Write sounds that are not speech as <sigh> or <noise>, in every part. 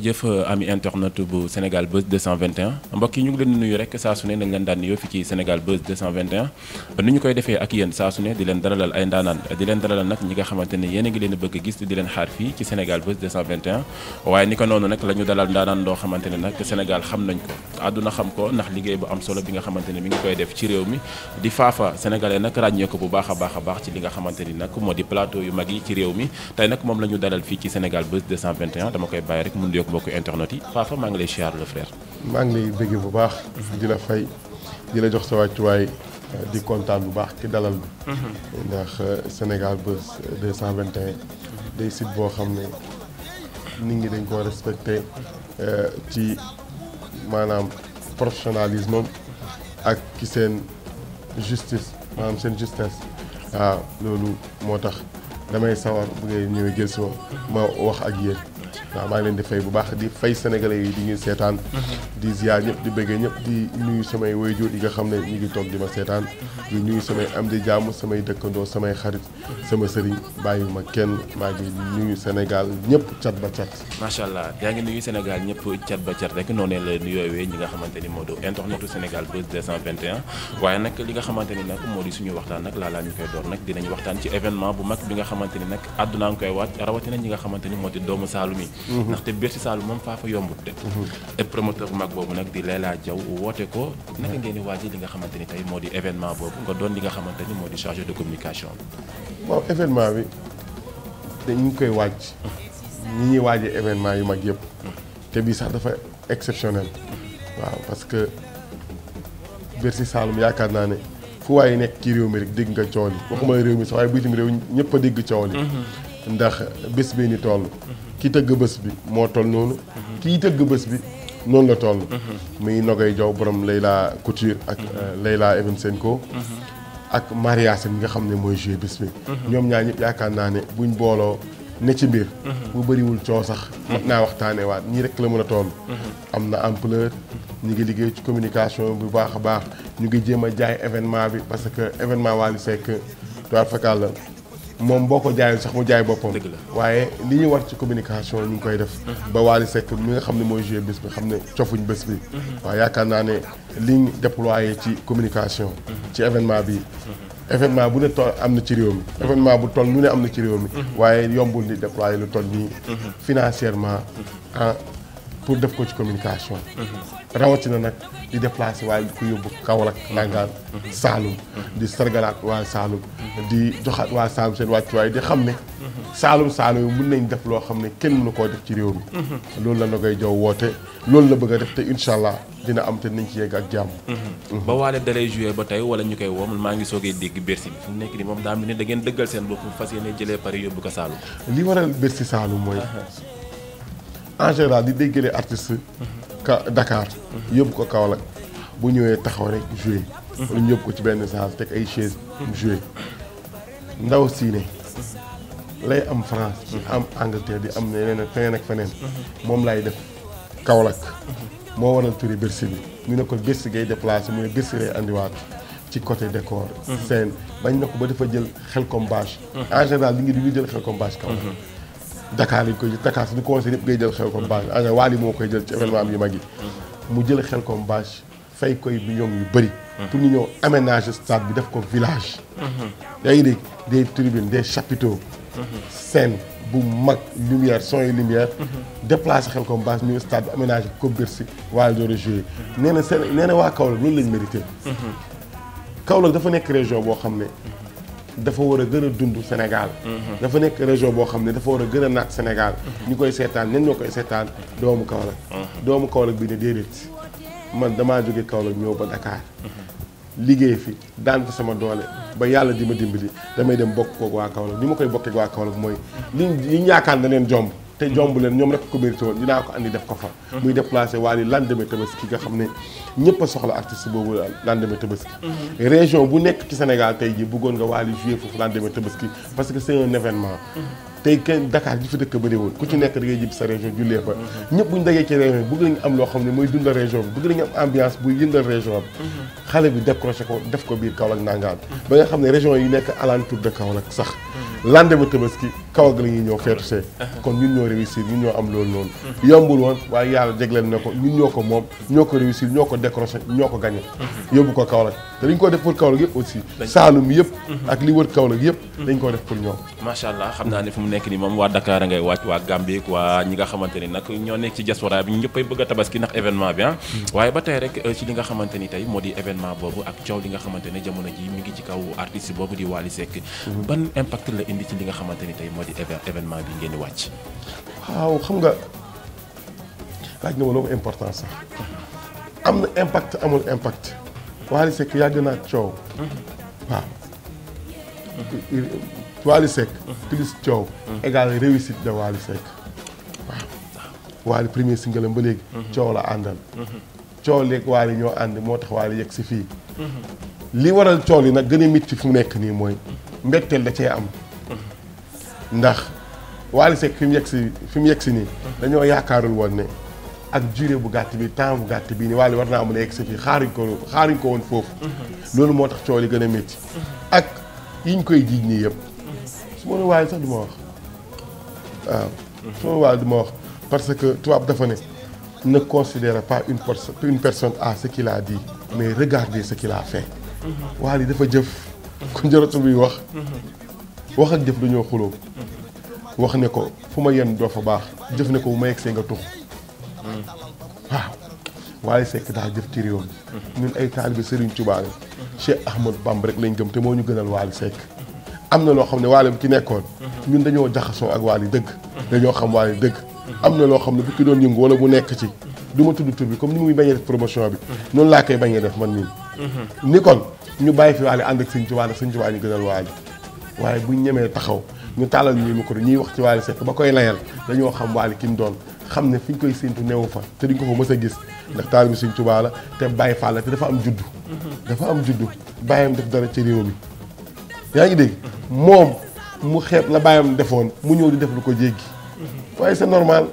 jëf euh, ami internet bu Sénégal Buzz 221 mbokk yi ñu ngi leen di nuyu rek saa su ne nañ leen daan nuyoo fi ci Sénégal Buzz 221 ni ñu koy defee ak yéen saa su di leen dalalal ay ndaanaan di leen dalalal nag ñi nga xamante ne yéen ngi leen bëgg a gis di leen xaar fii ci Sénégal Buzz 221 waaye ni ko noonu nag la ñu dalal ndaanaan loo xamante ne nag Sénégal xam nañ ko àdduna xam ko ndax liggéey bu am solo bi nga xamante ne mi ngi koy def ci réew mi di faafa sénégalais nag ràññee ko bu baax a baax a li nga xamante ni nag moo di yu yi ci moom la ñu dalal fii ci Sénégal Buzz 221 yoog mbokku internet yi Fafa maa ngi lay siyaar le frère. maa ngi lay bëgg bu baax. di la fay di la jox sa wàccuwaay di kontaan bu baax ki dalal bi. Mhm. ndax euh, Sénégal Buzz 221. day site boo xam ne nit ñi dañ koo respecté euh, ci maanaam professionnalisme ak ci seen justice maanaam seen justice waaw ah, loolu moo tax damay sawar bu ngay ñëwee jël si ma wax ak yéen. waaw maa ngi leen di fay bu baax di fay sénégalais yi di ñu seetaan mm-hmm. di ziar ñëpp di bëggee ñëpp di nuyu samay waajur yi nga xam ne ñu ngi toog di ma seetaan mm-hmm. di nuyu samay am di jàmm samay dëkkandoo samay xarit mm-hmm. sama sëriñ bàyyi ma kenn maa ngi nuyu Sénégal ñëpp cat ba cat macha allah yaa ngi nuyu Sénégal ñëpp cat ba cat rek noonu la nuyoowee ñi nga xamante ni moo di internetu Sénégal Buzz 221 waaye nag li nga xamante ni nag moo di suñu waxtaan nag laalaa ñu koy door nag dinañu waxtaan ci événement bu mag bi nga xamante ni nag àdduna ngi koy waaj rawatina ñi nga xamante ni moo di doomu Saalum yi ndaxte Bercy Saloum moom faa fa yombut de et promoteur bu mag boobu nag di Leela Diaw woote ko naka ngeen di waajal li nga xamante ni tey moo di événement boobu nga doon li nga xamante ni moo di chargé de communication bi waaw événement bi dañu ngi koy waaj ñi ñuy waajee événement yu mag yëpp te bii sax dafa exceptionnel waaw parce que si Saloum yaakaar naa ne fu waaye nekk ci réew mi rek dégg nga coow li waxuma réew mi sax waaye bitim réew ñëpp dégg coow ndax bés bi ni toll ki tëgg bés bi moo toll noonu kii tëgg bés bi noonu la toll muy Nogay Jaw borom Leyla Couture ak mhm. euh, Leyla Even Senko mhm. ak mariage mi nga xam ne mooy joué bés mhm. ñoom ñaar ñëpp yaakaar naa ne buñ booloo ne ci biir bu bëriwul coow sax mat naa waxtaanee waat ñii rek la mën a toll am na ampleur ñu ngi liggéey ci communication bu baax a baax ñu ngi jéem a jaay événement bi parce que événement Wally Seck doar fakal la moom boo ko jaayul sax mu jaay boppam waaye li ñuy war ci communication ñu ngi koy def ba Wally Seck mi nga xam ne mooy joué bés bi xam ne cofuñ bés bi mhm. waaw yaakaar naa ne liñ déployé ci communication ci événement bi événement bu ne toll am na ci réew mi événement bu toll lu ne am na ci réew mi mhm. waaye yombul di déployé lu toll nii mhm. financièrement en pour def ko ci communication. rawatina nag di déplacé waaye ku yóbbu Kaolack nangaan Saalum. di sargalaat waa Saalum. di joxaat waa Saalum seen wàccuwaay di xam ne. Saalum Saalum yi mun nañ def loo xam ne kenn mënu koo def ci réew loolu la Nogaye Diaw woote loolu la bëgg a def te incha allah dina am te nañ ci yegg ak jàmm. Mhm. ba waale dalay joué ba tey wala ñu koy woo maa ngi soogee dégg Bercy bi fu mu nekk nii moom daa mel ni da ngeen dëggal seen bopp fas ko Saalum. en général di déggale artiste ka Dakar mhm. yóbbu ko Kaolack bu ñëwee taxaw rek joué wala mhm. ñu yóbbu ko ci benn salle teg ay chaise mu mhm. ndaw siine lay am France di am Angleterre di am yeneen ak feneen ak feneen moom lay def Kaolack moo waral turi Bercy bi ñu ne ko Bercy ngay déplacé mu ne Bercy lay andiwaat ci côté décor scène bañ na ko ba dafa jël xel comme bâche en général li ngi di jël xel ko bâche Kaolack Dakar lañ koy jël Dakar suñu conseil yëpp ngay jël Xelcom Bache en mm-hmm. waali moo koy jël ci événement am yu mag yi. Mm-hmm. mu jël Xelcom Bache fay koy millions yu bëri. Mm-hmm. pour ñu ñëw aménager stade bi def ko village. yaa ngi dégg des tribunes des chapiteaux. scène bu mag lumière son et lumière. déplacé Xelcom Bache ñu stade bi aménager ko Bercy waaye door a joué. nee na seen nee na waa Kaolack loolu lañ mérité. Kaolack dafa nekk région boo xam ne. dafa war a gën a dund Sénégal. Mhm. dafa nekk région boo xam ne dafa war a gën a naat Sénégal. Mhm. ñu koy seetaan ñan ñoo koy seetaan doomu Kaolack. Mhm. doomu Kaolack bi ne déedéet man damaa jóge Kaolack ñëw ba Dakar. liggéey fi daan fa sama doole ba yàlla di ma dimbali damay dem bokk koog waa Kaolack ni ma koy bokkee waa Kaolack mooy liñ liñ yaakaar na leen jomb. te jomb leen ñoom rek ko mérité woon ñu daa ko andi def ko fa muy déplacé Wally lendemain tabaski nga xam ne ñëpp a soxla artiste boobu lendemain tabaski mhm. région bu nekk ci Sénégal tey ji bëggoon nga Wally jouer foofu lendemain tabaski parce que c'est un événement mhm. tey kenn Dakar ji fi dëkk bëriwul ku ci nekk da ngay jib sa région jullee fa mm-hmm. ñëpp buñu dajee ci région bi bëgg nañu am loo xam ne mooy dundal région bi bëgg nañu am ambiance buy yëndal région bi mm-hmm. xale bi décroché ko def ko biir kaw Kaolack nangaan ba nga xam ne région yi nekk alentour de kaw Kaolack sax mm-hmm. lendemain Tabaski Kaolack la ñuy ñëw feetu see uh-huh. kon ñun ñoo réussir ñun ñoo am loolu noonu yombul woon waaye yàlla jegleen ne ko ñun ñoo ko moom ñoo ko réussir ñoo ko décroché ñoo ko gagné yóbbu ko Kaolack te dañ ko def pour Kaolack yëpp aussi Saalum yëpp mhm. ak li wër Kaolack yëpp dañ ko def pour ñoom macha allah xam naa ne fu mu nekk nii moom waa Dakar a ngay wàcc waa Gambie waa ñi nga xamante ni nag ñoo nekk ci diaspora bi ñu ñëppay bëgg a tabaski ndax événement bi ah mhm. waaye ba tey rek euh, ci li nga xamante ni tey moo di événement boobu ak coow li nga xamante ne jamono ji mi ngi ci kaw artiste boobu di Wally Seck mhm. ban impact la indi ci li nga xamante tey moo di événement bi ngeen di wàcc waaw xam nga laaj nga ma importance sax am na impact amul impact Waly Seck yàgg naa coow. Mm-hmm. waaw. Waly Seck. plus coow. Mm-hmm. égal réussite de Waly Seck waaw. Waly premier single am ba léegi. Mm-hmm. coow la àndal. coow léegi Waly ñoo ànd moo tax Waly yegg si fii. li waral coow yi nag gën a métti fu nekk nii mooy mbetteel da cee am. ndax Waly Seck fi mu yegg si fi mu yegg si nii. dañoo yaakaarul woon ne. ak durée bu gàtt bi temps bu gàtt bi ni Wally war naa mën a yegg sa fii xaaruñ ko xaaruñ ko woon foofu mhm. loolu moo tax coow yi gën a métti mhm. ak yiñ koy jiiñ nii yëpp mhm. su ma ne Wally sax du wax waaw su ma ne Wally du wax parce que tubaab dafa ne ne considère pas une personne une personne à ce qu'il mais regardez ce qu'il a fait Wally dafa jëf ku njëratu bi wax wax ak jëf dañoo xuloo wax ne ko fu ma yenn doo fa baax jëf ne ko bu ma yegg nga tux Wally Seck daa jëf ci réew mi ñun ay taalibe Serigne Touba la Cheikh Ahmadou rek lañ gëm te moo ñu gënal Wally Seck am na loo xam ne Wally bu ci nekkoon ñun dañoo jaxasoo ak Wally dëgg dañoo xam Wally dëgg am na loo xam ne bu ci doon yëngu wala bu nekk ci du ma tudd tur bi comme ni muy bañee def promotion bi noonu laa koy bañee def man nii ni kon ñu bàyyi fi Wally ànd ak Serigne Touba la Serigne Touba ñu gënal Wally waaye buñ ñemee taxaw ñu tàllal ñuy micro ñuy wax ci Wally Seck ba koy layal dañoo xam Wally ki mu doon xam ne fi ñu koy séntu newu fa te duñ ko fa mës a gis ndax taalibi Sëñ Tuubaa la te Baay Faal la te dafa am juddu. dafa am juddu bàyyam def dara ci réew mi yaa ngi dégg moom mu xeeb la bàyyam defoon mu ñëw di def lu ko jéggi waaye c'est normal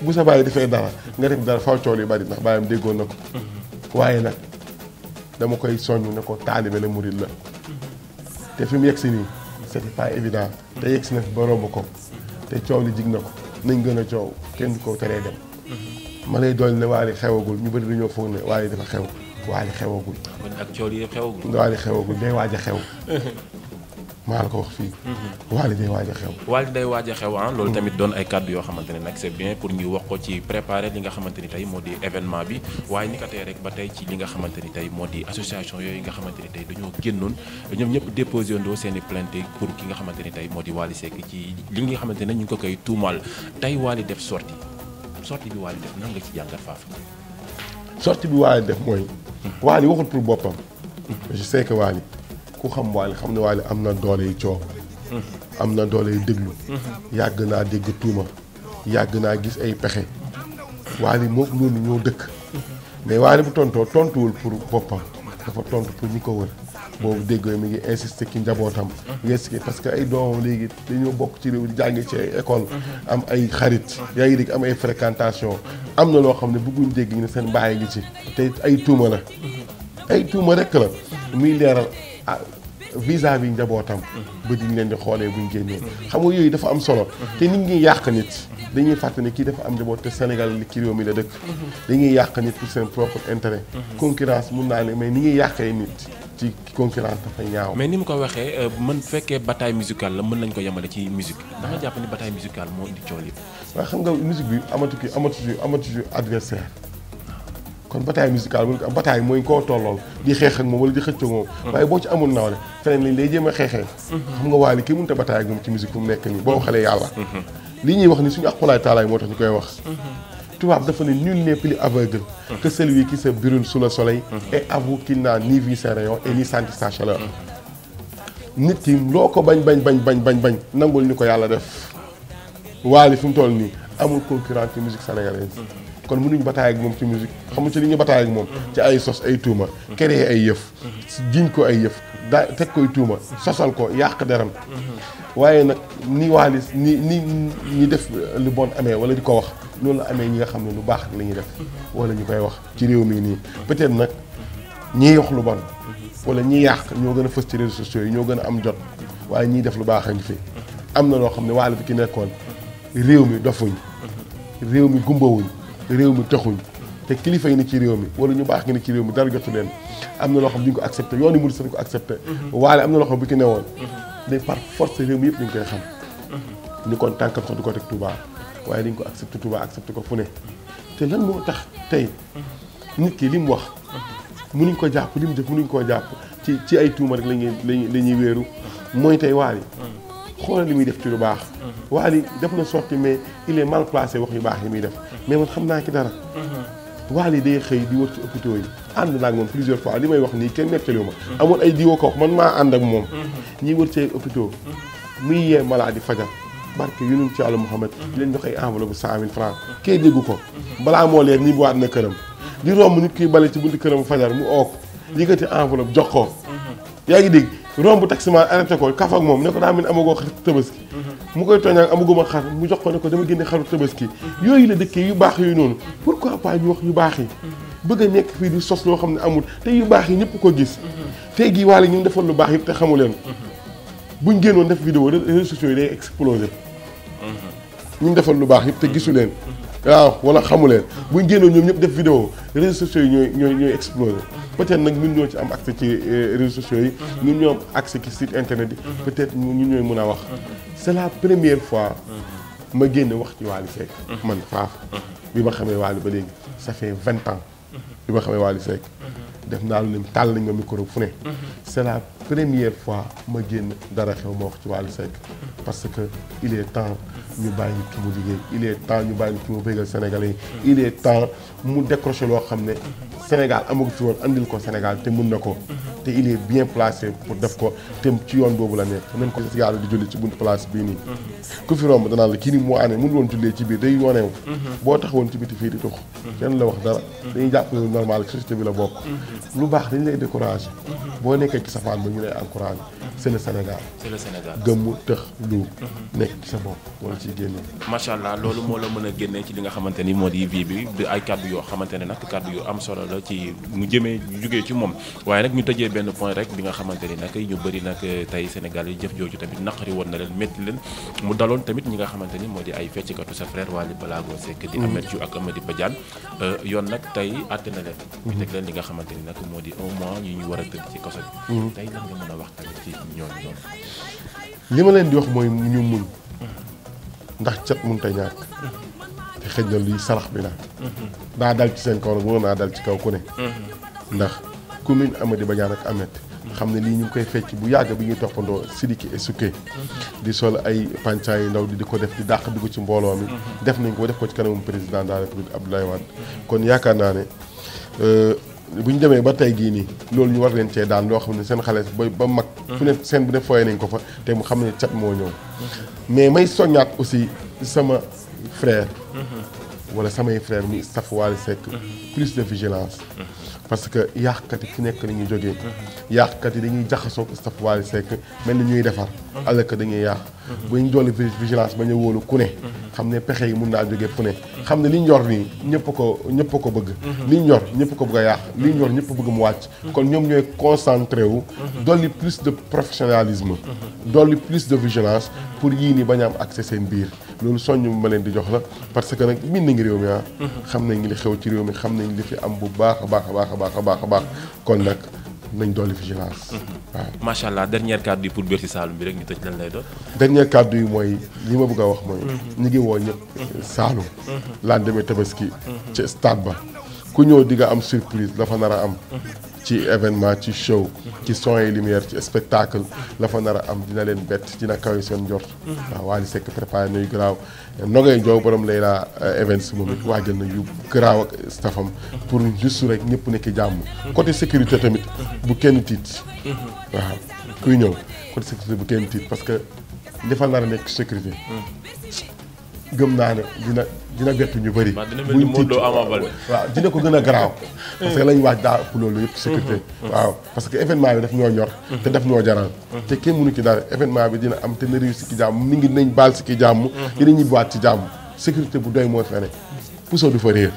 bu sa bàyyi defee dara nga def dara faw coow yu bari ndax bàyyam déggoon na ko waaye nag dama koy soññ ne ko taalibe la murid la te fi mu yegg si nii c'était évident te yegg si na fi ba romb ko te coow li jig na ko nañ gën a coow kenn ko teree dem ma lay doon ne waali xewagul ñu bëri dañoo foog ne waali dafa xew waali xewagul. kon ak coow yi xewagul. waali xewagul day waaj a xew. <laughs> maa la ko waali day waaj xew. waali day waaj a ah. loolu tamit doon ay kàddu yoo xamante ne nag c'est bien pour ñuy wax ko ci préparer li nga xamante ni moo di événement bi waaye ni ko tey rek ba tey ci li nga xamante ni tey moo di association yooyu nga xamante ni tey dañoo génnoon ñoom ñëpp déposé ndoo seeni i pour ki nga xamante ni tey moo di Wally Seck ci li nga xamante ne ñu ngi ko koy tuumaal tey Wally def sortie sortie bi Wally def nan nga ci jàngat faaf. bi Wally def mooy. Wally waxul pour boppam. je sais que Wally ku xam Wally xam ne Wally am na doole yu coow. am na doole yu déglu. yàgg naa dégg tuuma. yàgg naa gis ay pexe. Wally moog loolu ñoo dëkk. mais Wally bu tontoo tontuwul pour boppam dafa tontu pour ñi ko wër. boobu déggooy mi ngi insister ki njabootam ngi insister parce que ay doomam léegi dañoo bokk ci réew di jàngi ci ay école mm-hmm. am ay xarit yaa ngi dégg am ay fréquentation am na loo xam ne bëgguñ dégg ñu ne seen bàyyi ngi ci te ay tuuma la mm-hmm. ay tuuma rek la mm-hmm. muy leeral ah, visa bi njabootam ba diñ leen di xoolee buñ génnee xam nga yooyu dafa am solo te nit ñi yàq nit dañuy fàtte ne kii dafa am njaboot te Sénégal li mi la dëkk dañuy yàq nit pour seen propre int ci concurrence dafa ñaaw. mais ni mu ko waxee euh, mën fekkee bataille musicale la mën nañ ko yemale ci musique ah. dama jàpp ni bataille musicale moo indi coow xam nga musique bi amatu ki amatu amatu adversaire kon bataille musicale bu ñu ko am bataille mooy ko tollool di xeex ak moom wala di xëcc ak moom. Mm. waaye boo ci amul nawle feneen day jéem a xeexee. Mm-hmm. xam nga waa li ki mënut a bataille ak moom ci musique fu mu nekk nii boo mm-hmm. xalee yàlla. Mm-hmm. li ñuy wax ni suñu aqulaay taalaay moo tax ñu koy wax. tubaab dafa ne nul n'est plus aveugle que celui qui se brûle sous le soleil mhm. et avoue qu'il n'a ni vu ses rayons et ni senti sa chaleur nit ki loo ko bañ bañ bañ bañ bañ bañ nangul ñu ko yàlla def waali fi mu toll nii amul concurrent ci musique sénégalaise mhm. kon mënuñu bataay ak moom ci musique xam ci li ñu bataay ak moom ci ay sos ay tuuma créer ay yëf jiñ ko ay yëf daa teg koy tuuma sosal ko yàq deram waaye nag ni waalis ni ni ñi def lu bon amee wala di ko wax noonu amee ñi nga xam ne lu baax la ñuy def wala ñu koy wax ci réew mi nii peut-être nag ñiy wax lu bon wala ñi yàq ñoo gën a fës ci réseaux sociaux yi ñoo gën a am jot waaye ñiy def lu baax a ngi fi am na loo xam ne waalis ki nekkoon réew mi dofuñ réew mi gumbawuñ réew mi taxuñ te kilifa yi ne ci réew mi wala ñu baax ngi ne ci réew mi dara jotu leen am na loo xam duñ ko accepté yoon yi mu di ko accepté mhm. waale am na loo bu ci newoon day mhm. par force réew yëpp dañ koy xam mhm. kon tànkam sax du ko teg Touba waaye dañ ko accepté Touba accepté ko fu ne te lan moo tax tey nit ki li mu wax mënuñ ko jàpp li mu def mënuñ koo jàpp ci ci ay tuuma rek lañuy la ñuy wéeru mooy tey waali xoolal li muy def ci lu baax waali def na sorti mais il est mal placé wax yu baax yi muy def mais man xam naa ki dara. Mhm. waal yi day xëy di wër ci hôpitaux yi. ànd naa ak moom plusieurs fois li may wax nii kenn nettaliwu ma. Mhm. amoon ay diwo ko wax man maa ànd ak moom. Mhm. ñiy wër ci ay hôpitaux. muy yee malade fajar. barke yonent ci Yàlla Muhammad di leen jox ay enveloppe cent mille francs kee déggu ko. balaa moo leer ñi bu waat na këram. di romb nit kuy bale ci buntu këram fajar mu ook. yëkkati enveloppe jox ko. yaa ngi dégg romb taximaan arrêté ko kaf ak moom ne ko daa mel ni amagoo xarit mu koy tooñaan amaguma xar mu jox ko ne ko dama génne xaru tabaski yooyu la dëkkee yu baax yooyu noonu pourquoi pas ñu wax yu baax yi bëgg a nekk fii di sos loo xam ne amul te yu baax yi ñëpp ko gis te gi waale ñu defal lu baax yëpp te xamu leen buñ génnoon def vidéo réseaux sociaux yi day explosé ñu defal lu baax yëpp te gisu leen waaw wala xamu leen buñ génnoon ñoom ñëpp def vidéo réseaux sociaux yi ñooy ñooy ñooy explosé nag ñun ñoo ci am accès ci euh, réseaux sociaux yi ñun ñoom am accès ci site internet yi peut-être ñun ñooy mën a wax c'est la première fois ma génn wax ci Wally Seck man faaf bi ma xamee Wally ba léegi ça vingt ans bi xamee Wally Seck def naa lu ne tàll nañ ma micro fu ne c'est première fois ma génn dara xew ma wax ci Wally Seck parce que il est temps ñu bàyyi ki mu liggéey il est temps ñu bàyyi ki mu bëggal Sénégalais yi. il est temps mu décroché loo xam ne. Sénégal amagu fi woon andil ko Sénégal te mun na ko. te il est bien placé pour def ko te ci yoon boobu la nekk nañ ko sigaaru di julli ci buntu place bii nii mhm. ku fi romb danaa la kii nii moo àndee mënu woon jullee ci biir day yooneew mhm. boo taxawoon ci biti fii di tux mhm. kenn la wax dara dañuy jàpp ne normal société bi la bokk lu baax dañ lay découragé boo nekk ci sa bopp moo la a génne ci li nga ni moo di vie bi ay ne nag kàddu yu am solo la ci mu jëmee jugee ci moom waaye nag ñu tëjee benn point rek bi nga xamante ni nag ñu bari nag eh, tey Sénégal yi jëf jooju tamit naqari woon na leen métti leen mu daloon tamit ñi nga xamante ni moo di ay feccikatu sa frère Wally Balago Seck di mm-hmm. Ameth Thiou ak Amady eh, nag tey àtte na leen mm-hmm. ñu teg leen li nga xamante ni nag moo di un mois yi ñu war a tëdd ci kaso bi mm-hmm. tey lan nga mën a wax tamit ci ma leen di wax mooy ñu muñ ndax cat mënut a ñàkk te xëj na luy sarax bi la daa dal ci seen kaw nag mën naa dal ci kaw ku ne ndax commune Amady Badiane ak Ameth xam ne lii ñu ngi koy fecc bu yàgg bi ñuy toppandoo sidiki et sukke di sol ay pànca yu ndaw di di ko def di dàq dugg ci mbooloo mi def nañ ko def ko ci kanamu président de la république Abdoulaye Wade kon yaakaar naa ne euh, bu ñu demee ba tey gii nii loolu ñu war leen cee daan loo xam ne seen xale ba ba mag fu ne seen bu ne fooye nañ ko fa te mu xam ne cat moo ñëw mais may soññaat aussi sama frère wala samay frère muy staff Wally Seck mhm. plus de vigilance mhm. parce que yàqkat yi fi nekk dañuy jógee mhm. yàqkat yi dañuy jaxasoo staff Wally Seck mel ni ñuy defar àll dañuy yàq bu ñu dolli vigilance bañ a wóolu ku ne xam ne pexe yi mun naa jóge fu ne xam ne li ñor nii ñëpp ko ñëpp ko bëgg mhm. li ñor ñëpp ko bëgg a li ñor ñëpp bëgg mu wàcc mhm. kon ñoom ñooy concentré wu mhm. dolli plus de professionnalisme dolli plus de vigilance pour yii nii bañ am accès seen biir loolu soññ ma leen di jox la parce que nag min ngi réew mi ah xam nañ li xew ci réew mi xam nañ li fi am bu baax a baax baax a baax a baax a baax kon nag nañ dolli vigilance. waaw mhm. macha allah dernière kàddu yi pour Bercy Saloum bi rek ñu tëj lan lay doon. dernière kàddu yi mooy li ma bëgg a wax mooy. Mhm. ñu ngi woo ñëpp mhm. Saloum. lendemain tabaski. ci stade ba ku ñëw di nga am surprise dafa nar a am. ci événement ci show ci son et lumière ci spectacle la fa nar a am dina leen bett dina kaw seen njort waaw Wally Seck préparé nuy garaaw nogay njoow borom lay laa euh, events moom it waajal na yu garaaw ak staffam pour juste rek ñëpp nekk jàmm côté sécurité tamit bu kenn tiit waaw kuy ñëw côté sécurité bu kenn tiit parce que li nar a nekk sécurité gëm naa ne dina dina bett ñu bëri. buñ tiit waaw dina ko gën a garaaw. <laughs> parce que lañ loolu mm-hmm. Mm-hmm. waaw parce que événement bi daf ñoo ñor. Mm-hmm. te daf ñoo jaral. te kenn mënu ci dara événement bi dina am te na réussir ci jàmm mi ngi nañ baal si ki jàmm. dina ci jàmm sécurité bu doy moo fene puso du fa réer.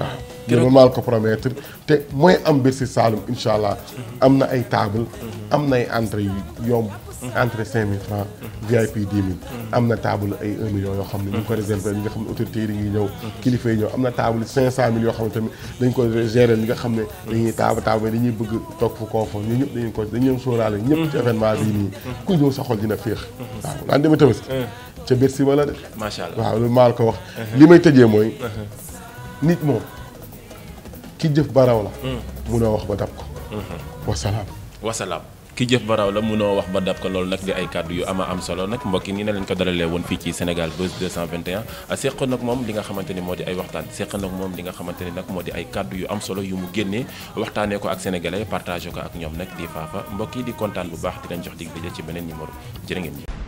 waaw loolu maa ko promettre te mooy am biir si Saalum incha allah. am na ay table am na ay entrée yu yomb. Mm-hmm. entrée cinq mille francs mm-hmm. VIP dix mille mm-hmm. am na table ay un million yoo xam ne ñu ko réservé ñi nga xam ne autorités yi dañuy ñëw kilifa yi na table cinq cent mille yoo xam ne tamit dañ ko gérer ñi nga xam ne dañuy taaba taaba dañuy bëgg toog fu koofo ñu ñëpp dañuy ko dañu leen ñëpp ci événement bii nii dina féex waaw laan demee tamit biir si wala de macha allah waaw ko wax li may tëjee mooy nit moom ki jëf baraw la mm. munoo wax ba dab ko wasalaam wasalaam ki jëf baraw la mënoo wax ba dab ko loolu nag di ay kàddu yu ama am solo nag mbokki yi ni na leen ko dalalee woon fii ci Sénégal Buzz 221 seq nag moom li nga xamante ni moo di ay waxtaan seq nag moom li nga xamante ni nag moo di ay kàddu yu am solo yu mu génnee waxtaanee ko ak sénégalais partagé ko ak ñoom nag di faafa mbokk yi di kontaan bu baax dinañ jox dig daje ci beneen numéro jërë ngeen jëf